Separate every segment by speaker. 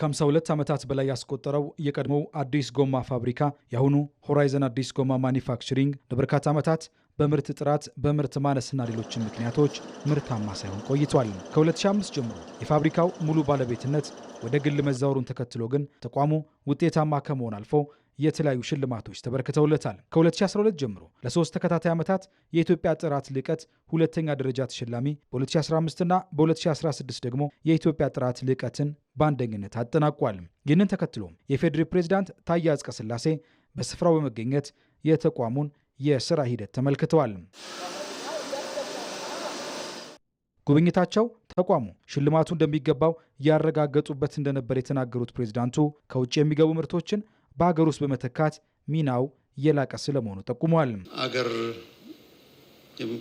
Speaker 1: ከ52 ዓመታት በላይ ያስቆጠረው የቀድሞው አዲስ ጎማ ፋብሪካ የአሁኑ ሆራይዘን አዲስ ጎማ ማኒፋክቸሪንግ ለበርካታ ዓመታት በምርት ጥራት፣ በምርት ማነስና ሌሎችን ምክንያቶች ምርታማ ሳይሆን ቆይቷል። ከ2005 ጀምሮ የፋብሪካው ሙሉ ባለቤትነት ወደ ግል መዛወሩን ተከትሎ ግን ተቋሙ ውጤታማ ከመሆን አልፎ የተለያዩ ሽልማቶች ተበርክተውለታል። ከ2012 ጀምሮ ለሶስት ተከታታይ ዓመታት የኢትዮጵያ ጥራት ልቀት ሁለተኛ ደረጃ ተሸላሚ፣ በ2015 እና በ2016 ደግሞ የኢትዮጵያ ጥራት ልቀትን በአንደኝነት አጠናቋል። ይህንን ተከትሎም የፌዴሪ ፕሬዚዳንት ታዬ አጽቀሥላሴ በስፍራው በመገኘት የተቋሙን የስራ ሂደት ተመልክተዋል። ጉብኝታቸው ተቋሙ ሽልማቱ እንደሚገባው ያረጋገጡበት እንደነበር የተናገሩት ፕሬዚዳንቱ ከውጭ የሚገቡ ምርቶችን በሀገር ውስጥ በመተካት ሚናው የላቀ ስለመሆኑ ጠቁሟል።
Speaker 2: አገር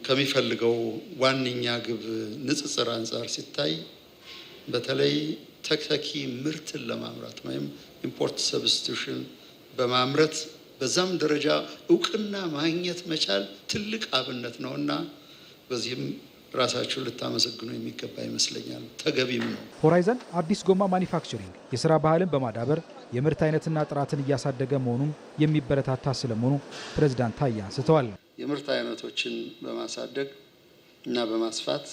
Speaker 2: ከሚፈልገው ዋነኛ ግብ ንጽጽር አንጻር ሲታይ በተለይ ተተኪ ምርትን ለማምራት ወይም ኢምፖርት ሰብስቲሽን በማምረት በዛም ደረጃ እውቅና ማግኘት መቻል ትልቅ አብነት ነው እና በዚህም ራሳችሁ ልታመሰግኑ የሚገባ ይመስለኛል። ተገቢም ነው።
Speaker 1: ሆራይዘን አዲስ ጎማ ማኒፋክቸሪንግ የስራ ባህልን በማዳበር የምርት አይነትና ጥራትን እያሳደገ መሆኑም የሚበረታታ ስለመሆኑ ፕሬዚዳንት ታዬ አንስተዋል።
Speaker 2: የምርት አይነቶችን በማሳደግ እና በማስፋት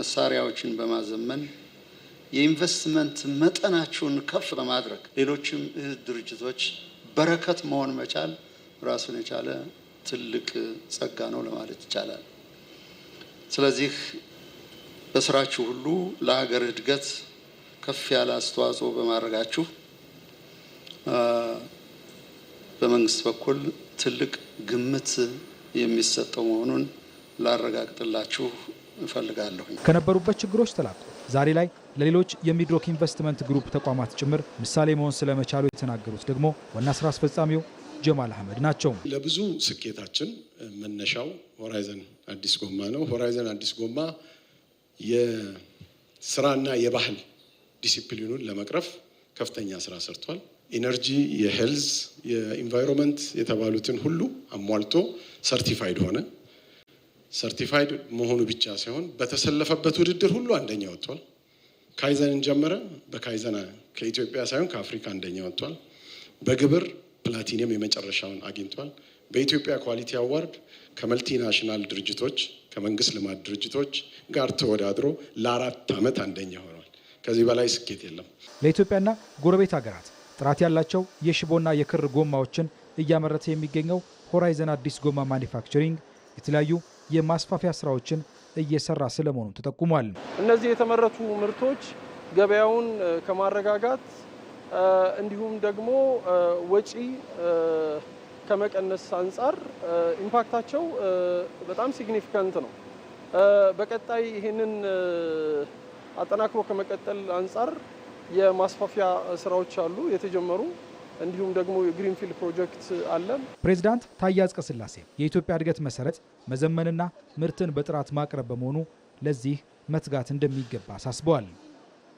Speaker 2: መሳሪያዎችን በማዘመን የኢንቨስትመንት መጠናችሁን ከፍ በማድረግ ሌሎችም እህት ድርጅቶች በረከት መሆን መቻል ራሱን የቻለ ትልቅ ጸጋ ነው ለማለት ይቻላል። ስለዚህ በስራችሁ ሁሉ ለሀገር እድገት ከፍ ያለ አስተዋጽኦ በማድረጋችሁ በመንግስት በኩል ትልቅ ግምት የሚሰጠው መሆኑን ላረጋግጥላችሁ እፈልጋለሁ።
Speaker 1: ከነበሩበት ችግሮች ተላቁ ዛሬ ላይ ለሌሎች የሚድሮክ ኢንቨስትመንት ግሩፕ ተቋማት ጭምር ምሳሌ መሆን ስለመቻሉ የተናገሩት ደግሞ ዋና ስራ አስፈጻሚው ጀማል አህመድ ናቸው።
Speaker 3: ለብዙ ስኬታችን መነሻው ሆራይዘን አዲስ ጎማ ነው። ሆራይዘን አዲስ ጎማ የስራና የባህል ዲሲፕሊኑን ለመቅረፍ ከፍተኛ ስራ ሰርቷል። ኢነርጂ፣ የሄልዝ፣ የኢንቫይሮንመንት የተባሉትን ሁሉ አሟልቶ ሰርቲፋይድ ሆነ። ሰርቲፋይድ መሆኑ ብቻ ሳይሆን በተሰለፈበት ውድድር ሁሉ አንደኛ ወጥቷል። ካይዘንን ጀመረ። በካይዘን ከኢትዮጵያ ሳይሆን ከአፍሪካ አንደኛ ወጥቷል። በግብር ፕላቲኒየም የመጨረሻውን አግኝቷል። በኢትዮጵያ ኳሊቲ አዋርድ ከመልቲናሽናል ድርጅቶች ከመንግስት ልማት ድርጅቶች ጋር ተወዳድሮ ለአራት ዓመት አንደኛ ሆኗል። ከዚህ በላይ ስኬት የለም።
Speaker 1: ለኢትዮጵያና ጎረቤት ሀገራት ጥራት ያላቸው የሽቦና የክር ጎማዎችን እያመረተ የሚገኘው ሆራይዘን አዲስ ጎማ ማኒፋክቸሪንግ የተለያዩ የማስፋፊያ ስራዎችን እየሰራ ስለመሆኑ ተጠቁሟል።
Speaker 4: እነዚህ የተመረቱ ምርቶች ገበያውን ከማረጋጋት እንዲሁም ደግሞ ወጪ ከመቀነስ አንጻር ኢምፓክታቸው በጣም ሲግኒፊካንት ነው። በቀጣይ ይህንን አጠናክሮ ከመቀጠል አንጻር የማስፋፊያ ስራዎች አሉ የተጀመሩ እንዲሁም ደግሞ የግሪንፊልድ ፕሮጀክት አለ።
Speaker 1: ፕሬዚዳንት ታዬ አጽቀሥላሴ የኢትዮጵያ እድገት መሰረት መዘመንና ምርትን በጥራት ማቅረብ በመሆኑ ለዚህ መትጋት እንደሚገባ አሳስበዋል።